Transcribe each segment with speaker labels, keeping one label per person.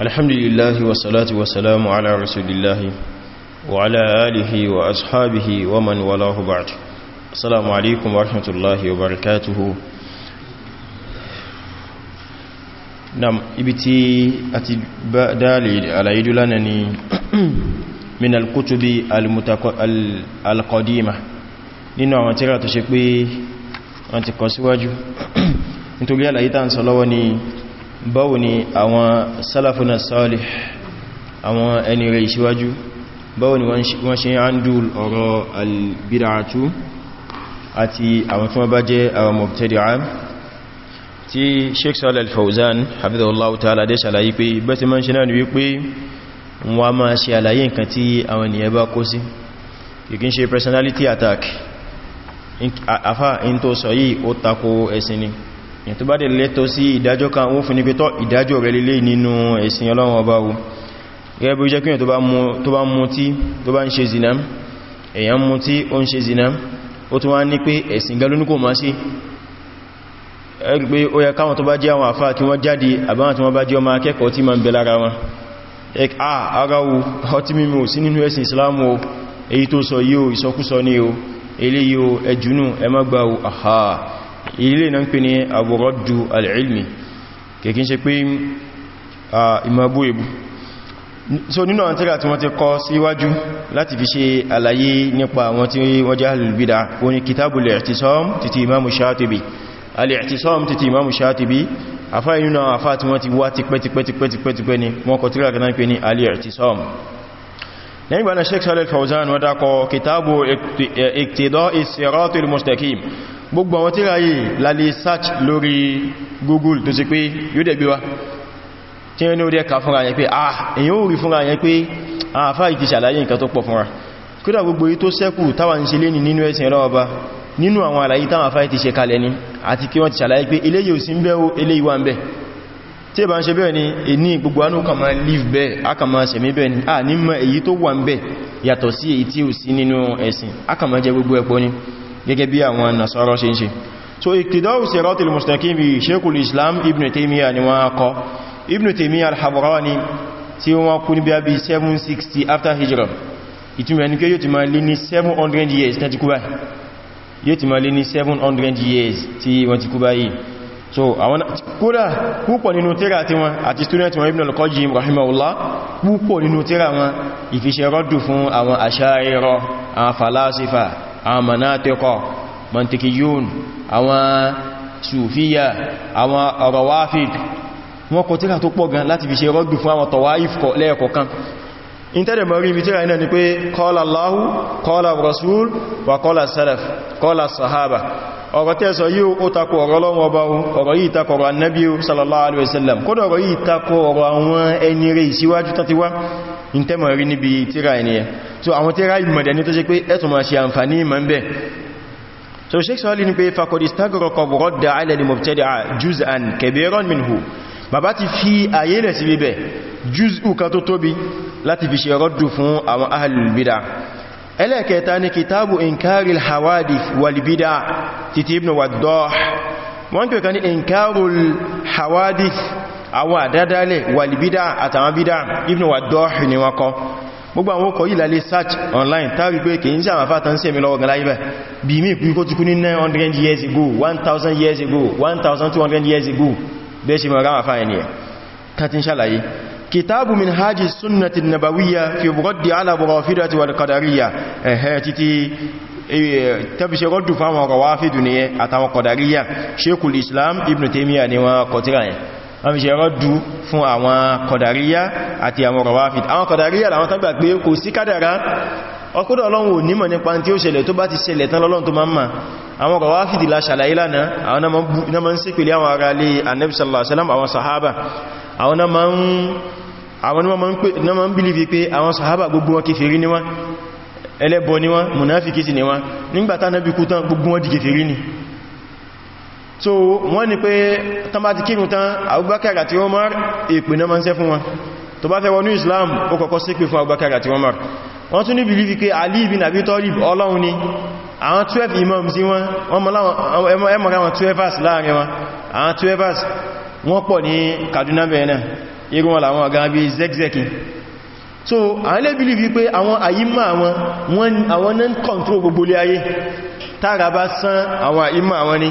Speaker 1: الحمد لله والصلاة والسلام على رسول الله وعلى آله وأصحابه ومن ولاه بعد السلام عليكم ورحمة الله وبركاته نعم ابتي أتبادالي على يدلانني من الكتب القديمة nínú àwọn tíra tó ṣe pé wọ́n ti kọ síwájú nítorí àlàyé tàà ń sọ lọ́wọ́ ni báwo ni àwọn sálàfúnà salih àwọn ẹni rẹ̀ ìṣíwájú báwo ni wọ́n ṣe ń dúl ọ̀rọ̀ albidatu àti àwọn tí wọ́n bá jẹ́ àwọn mubtadi'a tí sheikh salih al-Fawzan hafidhullahu ta'ala dé ṣàlàyé pé bẹ́ ti mọ́n ṣe náà ni wípé wọ́n máa ṣe àlàyé nǹkan tí àwọn ènìyàn bá kó sí kìkín ṣe personality attack afá in tó sọ yìí ó tako ẹ̀sìn ni yẹn tó bá dẹ̀ lẹ́tọ́ sí ìdájọ́ kan wọ́n fún ní pé tọ́ ìdájọ́ rẹ̀ lélẹ̀ nínú ẹ̀sìn ọlọ́run ọba wo gẹ́gẹ́ bí jẹ́ kí tó bá mú tí tó bá ń ṣe zina èyàn mú tí ó ń ṣe zina ó tún wá ní pé ẹ̀sìn gan lónìí kò má sí a ara wo ọtí mímu islamu o èyí tó sọ yíò ìsọkúsọ ní o ilé náà ń pè ní àbúrọ́dù al'ilmi kèkín ṣe pé ìmọ̀bú èbú so nínú àwọn tíra tí wọ́n ti kọ síwájú láti fi ṣe àlàyé nípa àwọn tí wọ́n jẹ́ alìbìdá wọ́n ni kìtàbù al-i'tisam títí imamu shatibi al-i'tisam títí imamu shatibi afá inú àwọn afá tí wọ́n ti wá ti pẹ́tipẹ́tipẹ́tipẹ́ ni wọ́n kọ tíra lẹ́yìn bá na sheik salil fauzan wọ́n dákọ̀ kìtàbù iqtida'i gbogbo àwọn tí ráyè lálé search lórí google tó sì pé yóò dẹ̀ gbé wá tí wọ́n ó dẹ̀ ká fúnra yẹn pé ah èyàn ò rí fúnra yẹn pé àfá ìtì sàlàyé nǹkan tó pọ̀ fúnra kódà gbogbo yí tó sẹ́kù táwà ń ṣe lé ní nínú ẹ̀sìn ọlọ́ọba nínú àwọn ni èní gbogbo live bẹ́ẹ̀ akàmà sẹ̀mí bẹ́ẹ̀ ni a ní mọ̀ èyí tó wà ń bẹ yàtọ̀ sí ni gẹ́gẹ́ bí àwọn nasara ṣe ń ṣe so iqtida'u siratil mustaqim bi sheikhul islam ibn taymiya ni wọ́n kọ ibn taymiya al-Harrani tí wọ́n kú ní bí 760 after hijra ìtumọ̀ ní pé yóò ti máa lé ní 700 years tí wọ́n ti kú báyìí yóò ti máa lé ní 700 years tí wọ́n ti kú báyìí so àwọn kódà púpọ̀ nínú tírà tí wọn àti student wọn ibn al-Qayyim rahimahullah púpọ̀ nínú tírà wọn ìfiṣẹ́ rọ́dù fún àwọn Asha'ira àwọn falasifa àwọn manatiqa mantikiyun àwọn sufiya àwọn rawafid wọ́n kọ tíra tó pọ̀ gan láti fi ṣe rọ́dù fún àwọn tawaif lẹ́ẹ̀kọ̀kan intẹ́dẹ̀ mọ̀ rí mítírà iná ni pé qala Allahu qala rasul wa qala salaf qala sahaba ọ̀rọ̀ tẹ́sọ yíò ó takò ọ̀rọ̀ lọ́wọ́ ọba ọ̀rọ̀ yìí takò ọ̀rọ̀ annabi sallallahu alaihi wasallam kódà ọ̀rọ̀ so àwọn tírà ìmọ̀dẹ̀ni tó ṣe pé ẹ̀tùn máa ṣe àǹfàní ìmọ̀ ń bẹ̀ so Sheikh Sali ni pé fakọ̀dì stagrọkọ̀ rọ́dà alẹ́lì mọ̀tẹ́dà juz'an kẹbẹ̀rán minhu bàbá ti fi ayé lẹ̀ sí bíbẹ̀ juz'u kan tó tóbi láti fi ṣe rọ́dù fún àwọn ahlul bid'a ẹlẹ́kẹta ni kitabu inkaril hawadith wal titi ibn waddah wọ́n pè kan ní inkarul hawadith àwọn àdádálẹ̀ wal àtàwọn bid'a ibn waddah ni wọ́n kọ́ gbogbo àwọn ọkọ̀ yìí la search online tàbí pé kìí ń sàmà fàtà ń sí èmi lọ́wọ́ gan láyé bẹ̀ bí i mí ìpín kó ti ní 900 years ago 1000 years ago 1200 years ago bẹ́ẹ̀ ṣe mọ̀ ráwà fáyẹ̀ ni ẹ̀ ṣàlàyé kìtàbù min hajji sunnati nabawiyya fi rọ́dì alábọ̀rọ̀ fídàtí wà kọ̀dàríyà ẹ̀hẹ́ títí e, tàbí ṣe rọ́dù fáwọn ọ̀rọ̀ wáfídù ni ẹ àtàwọn kọ̀dàríyà Sheikhul Islam Ibn Taymiyyah ni wọ́n kọtíra yẹn wọ́n fi ṣe rọ́dù fún àwọn kọ̀dàríyà àti àwọn rọ̀wáfid àwọn kọ̀dàríyà àwọn tó gbà pé kò sí kádàrá ọkúdọ̀ ọlọ́run ò nímọ̀ nípa tí ó ṣẹlẹ̀ tó bá ti ṣẹlẹ̀ tán lọ́lọ́run tó máa àwọn rọ̀wáfìdì la ṣàlàyé lánàá àwọn náà ma ń sí pèlé àwọn ará sahaba àwọn ma ń bílífi pé àwọn sahaba gbogbo wọn kèfèrí ni wọ́n ẹlẹ́bọ ni wọ́n munafiki sì ni wọ́n nígbàtá náà bí ni so wọ́n ní pé tán bá ti kírun tán Abubakar àti Umar èpè náà máa ń ṣe fún wọn tó bá fẹ́ wọnú Islam ó kọ́kọ́ ṣépè fún Abubakar àti Umar wọ́n tún ní bìlífì pé Ali bin Abi Talib ọlọ́run ni àwọn 12 imams sí wọn ẹmọ̀ra wọn 12ers láàrin wọn àwọn 12ers wọ́n pọ̀ ní Kaduna bẹ̀rẹ̀ náà irun wọn làwọn ọ̀gá bí zegzeki so àwọn lè bìlífì pé àwọn àyímọ̀ control gbogbo ilé ayé tára bá ni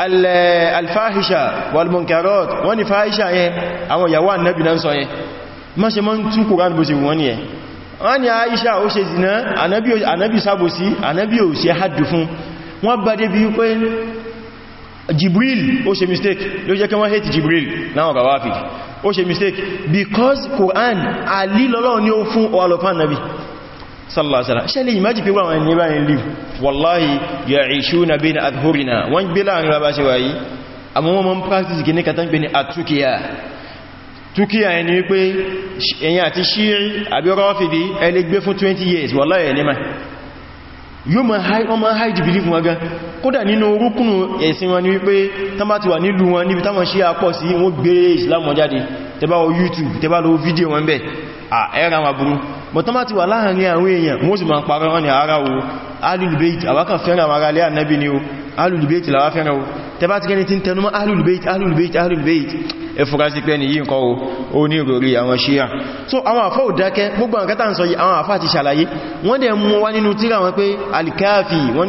Speaker 1: alfahisha walmunkarot wọ́n ni fahisha yẹn àwọn ìyàwó annabi náà sọ yẹn má ṣe mọ́ tún kòrán bó ṣe wọ́n ni ẹ̀ wọ́n ni aisha ó ṣe zina annabi sábòsí annabi ò ṣe haddu fún wọ́n bá dé bí pé jibril ó ṣe mistake ló jẹ́ kí wọ́n jibril láwọn kàwáfì ó ṣe mistake because quran alílọ́lọ́ ni ó fún ọlọ́pàá annabi sallallahu alaihi wasallam ṣe lè ìmájì pé wọ́n ní báyìí lè wallahi ya'ishuna bayna adhhurina wọ́n gbé láàrin rábá ṣe wáyí àmọ́ wọ́n mọ́n practice gini kàtán gbé ní àtúkìyà túkìyà ẹni wípé ẹ̀yìn àti ṣírí àbí ẹlẹ́ gbé fún 20 years wallahi ẹni ma yóò ma hide belief wọn gan kódà nínú orúkúnnù ẹ̀sìn wọn ni wípé tán bá ti wà nílùú wọn níbi táwọn ṣe àpọ̀ sí wọ́n gbé Islam wọn jáde tẹ́bá wọ YouTube but tán bá ti wà láàrin àwọn èèyàn wọ́n sì máa parọ́ wọn ni ara o alulubeit àwákan fẹ́ràn àwọn aráalé ànábì ni o alulubeit làwá fẹ́ràn o tẹbá ti gẹni tí ń tẹnumọ́ alulubeit alulubeit alulubeit so àwọn àfá ò dákẹ́ gbogbo àwọn kẹta ń sọ yìí àwọn àfá ti ṣàlàyé wọ́n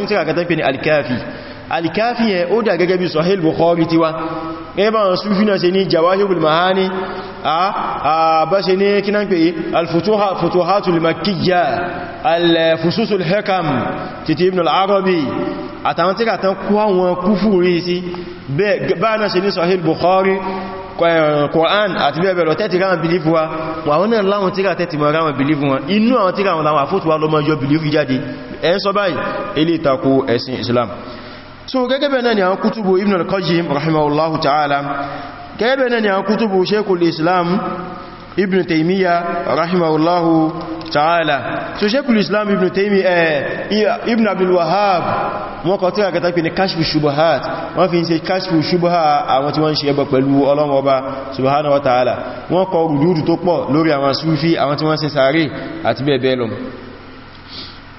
Speaker 1: dẹ̀ ni alikafi alikafi yẹn ó dà gẹ́gẹ́ bí Sahih Bukhari tiwa gẹ́gẹ́ bá a ah, ah, bá ṣe ní kí náà pè yí alfutuhatul makiyya alfususul hekam titi ibn al-arabi àtàwọn tí kàtàn kú àwọn kúfúrí sí bá náà ṣe ní sahih bukhari eh, Quran àti bẹ́ẹ̀bẹ̀ tẹ́tì ráwọn bìlífù wa wọ́n náà láwọn tíra tẹ́tì mọ̀ ráwọn bìlífù gẹ́gẹ́bẹ̀ náà ni a kútùbù Sheikhul Islam Ibn Taymiyyah rahimahullahu ta'ala so Sheikhul Islam Ibn Taymiyyah eh, Ibn Abdul Wahhab wọ́n kọ̀ tí a kẹta pé ní kashfu shubuhat wọ́n fi ń ṣe kashfu shubuha àwọn tí wọ́n ṣe ẹgbẹ̀ pẹ̀lú Ọlọ́run Ọba subhanahu wa ta'ala wọ́n kọ rùdúrù tó pọ̀ lórí àwọn Sufi àwọn tí wọ́n ṣe sàárè àti bẹ́ẹ̀ bẹ́ẹ̀ lọ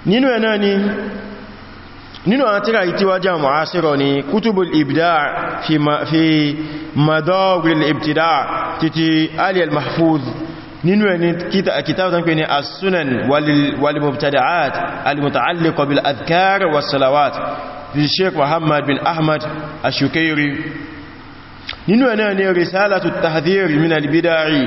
Speaker 1: nínú ẹ̀ náà ni nínú àwọn tíra ìtíwájá mu'asiro ni kutubul ibda fi madawil ibtida titi ali al-mahfuz nínú ẹni kitabu tán pé ní as-sunan wal-mubtada'at al-muta'alliqa bil adhkar was salawat fi sheikh muhammad bin ahmad ashukairi nínú ẹni ni risalatu tahdhir min al-bida'i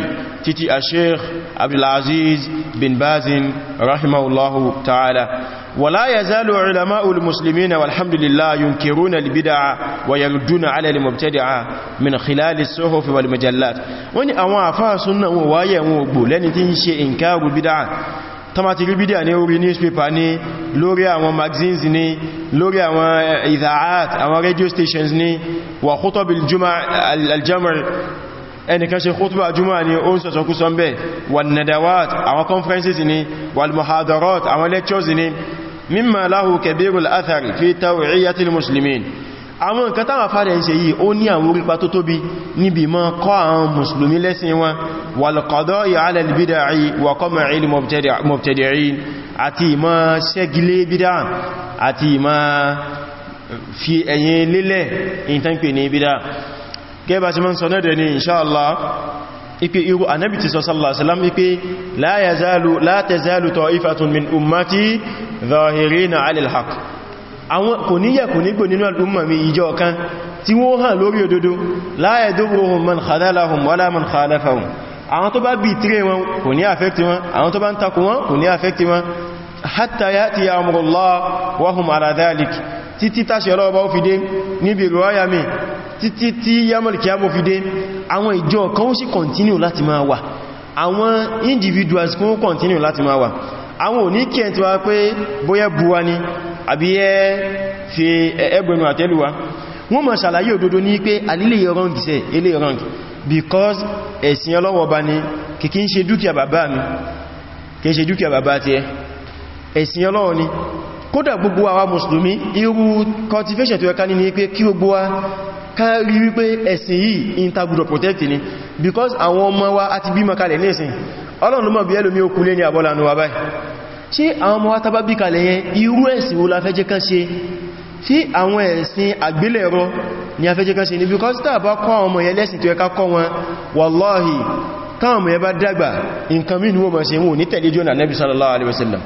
Speaker 1: titi a sheikh abdulaziz bin bazin rahimahullahu ta'ala ولا يزال علماء المسلمين والحمد لله ينكرون البدع ويردون على المبتدع من خلال الصحف والمجلات وني àwọn àfáà sunna wọn waye wọn ogbo lẹ́ni tin ṣe inkaru bid'a tamati bid'a ní orí newspaper ní lórí àwọn magazines ní lórí àwọn eh, idaat àwọn radio stations ní wa khutub aljuma aljamr ẹnìkan ṣe khutba juma ni ó ń sọ̀sọ̀ kú sọ́mbẹ̀ wal nadawat àwọn conferences ni wal muhadarat àwọn lectures ni mímọ̀ láhù kẹbírù al'athari fi taw'iyyati al-muslimin àwọn nǹkan táwọn afárẹ̀ ń ṣe yìí ó ní àwọn orípa tó tóbi níbi mọ́ kọ́ àwọn musulmi lẹ́sìn wọn wal-qada'i 'ala al-bid'i wa qam'i al-mubtadi'in àti ìmọ̀ ṣẹ́gilé bídá àti ìmọ̀ fi ipe irú anábi ti sọ sallallahu alaihi wasallam ipe la yazalu la tazalu ta'ifatun min ummati zahirina 'ala al-haq àwọn kò níyẹ̀ kò nígbò nínú al'umma mi ìjọ kan tí wọ́n hàn lórí òdodo la yadurruhum man khadhalahum wala man khalafahum àwọn tó bá bí tíré wọn kò ní àfẹ́kì wọn àwọn tó bá ń takò wọn kò hatta ya'tiya amrullah wa hum 'ala dhalik títí táṣẹ́ ọlọ́ọ̀bá ó fi dé níbi ìrọ̀ ayami títí tí yamal kiyamo fi dé àwọn ìjọ kan ó sì continue láti máa wà àwọn individuals kan ó continue láti máa wà àwọn ò ní kí ẹ̀ tí wá pé bóyá buwa ni àbí ẹ fi ẹgbẹ̀nu àtẹ́lúwa wọ́n mọ̀ ṣàlàyé òdodo ní pé alílé ìrọ́ǹgì sẹ́ ilé ìrọ́ǹgì because ẹ̀sìn ọlọ́wọ́ bá ní kìkí ń ṣe dúkìá bàbá mi kìí ṣe dúkìá bàbá ti ẹ ẹ̀sìn ọlọ́wọ́ ni kódà gbogbo àwa mùsùlùmí irú cultivation tó ẹka ní ní pé kí gbogbo ká rí wípé ẹ̀sìn yìí intagudo protect ni because àwọn ọmọ wa àti bí makalẹ̀ ní ẹ̀sìn ọlọ́run mọ̀ bí ẹlòmí okùnlé ní àbọ́lá ní wàbáyì ṣe àwọn ọmọ wa tàbá bí kalẹ̀ yẹn irú ẹ̀sìn wo la fẹ́ jẹ́ ni a fẹ́ ni because tá bá kọ́ àwọn ọmọ yẹn lẹ́sìn tó yẹ ká kọ́ wọn wallahi táwọn ọmọ yẹn bá dàgbà sallallahu alaihi wasallam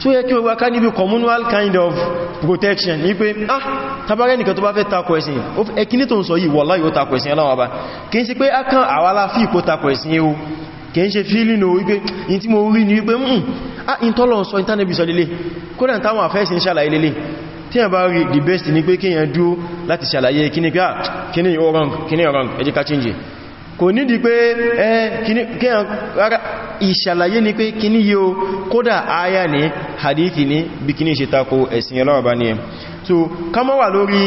Speaker 1: So yẹ kí wọ́n wáká níbi communal kind of protection ní pé ah tabarẹ́ nìkan tó bá fẹ́ takọ̀ ẹ̀sìn ẹkíní tó ń sọ yìí wallahi ó takọ̀ ẹ̀sìn aláwọ̀ bá kìí sí pé akán àwálá fi ìpò takọ̀ ẹ̀sìn ewu kìí ṣe fílínò wípé in tí mo rí ní wípé mún hmm, ah in tọ́lọ̀ sọ intánẹ́bì sọ lélẹ̀ kódà táwọn àfẹ́sì ń ṣàlàyé lélẹ̀ tí a bá rí the best ní pé kíyàn dúó láti ṣàlàyé kíní pé ah kíní ọ̀rọ̀ kíní ọ̀rọ̀ ẹjẹ́ ká change e kò nídi pé kíyàn rárá ìṣàlàyé ni pé kíní yíò kódà aya ní hadithi ní bí kíní ṣe tako ẹ̀sìn ọlọ́wọ̀ ní ẹ̀ so kama wà lórí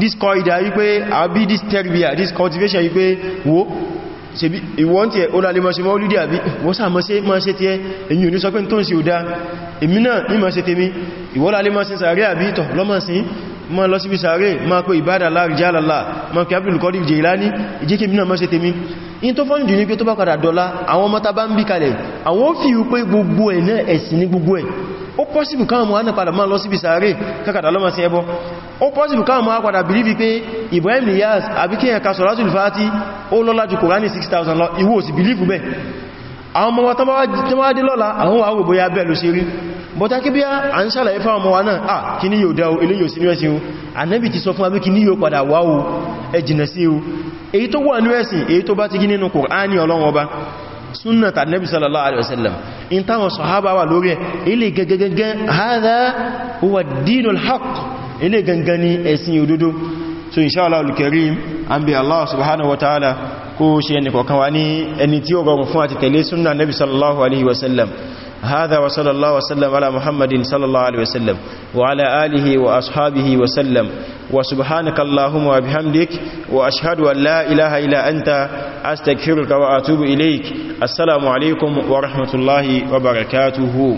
Speaker 1: this corridor wípé àbí this terbia this cultivation wípé wo ṣebí ìwọ́n tí ẹ̀ ó lálé mọ́ṣe mọ́ lúdí àbí wọ́n sáà mọ́ṣe mọ́ṣe tí ẹ èyí ò ní sọ pé tó ń sí ò dá èmi náà ní mọ́ṣe tèmi ìwọ́n lálé mọ́ṣe sàárẹ́ àbí tọ̀ lọ́mọ́sí ma lọ síbi sàárè ma kó ìbádà láàrìjálàlá ma kí Abdul Qadir Jilani ìjíkí mínà mọ́ sí tèmi in tó fọ́nì jù ní pé tó bá padà dọ́lá àwọn mọ́ta bá ń bí kalẹ̀ àwọn fi wípé gbogbo ẹ̀ náà ẹ̀sìn ní gbogbo ẹ̀ ó pọ́sìbù káwọn mọ́ padà máa lọ síbi sàárè kákàdà lọ́mọ sí ẹbọ ó pọ́sìbù káwọn mọ́ padà bìlíbi pé Ibrahim Niyas àbíkíyàn kasọ̀látùlfàátì ó lọ́lá ju Kùránì 6000 lọ ìwọ ò sì bìlífù bẹ́ẹ̀ àwọn ọmọ tó máa dé lọ́la àwọn àwọn òbò ya bẹ́ẹ̀ ló ṣe rí bọ́ta kí bí a ń ṣàlàyé fáwọn ọmọ wa náà à kí ní yóò dá o ilé yóò sí níwẹ̀sìn o ànábì ti sọ fún abí kí ní yóò padà wá o ẹ jìnà sí o èyí tó wà níwẹ̀sìn èyí tó bá ti gí so inshallah al-karim an bi Allah subhanahu wa kó ṣe ẹni kọ̀kan wa ní ẹni tí ó rọrùn fún àti tẹ̀lé súnnà nabi sallallahu alaihi wasallam هذا وصلى الله وسلم على محمد صلى الله عليه وسلم وعلى آله وأصحابه وسلم وسبحانك اللهم وبحمدك وأشهد أن لا إله إلا أنت أستغفرك وأتوب إليك السلام عليكم ورحمة الله وبركاته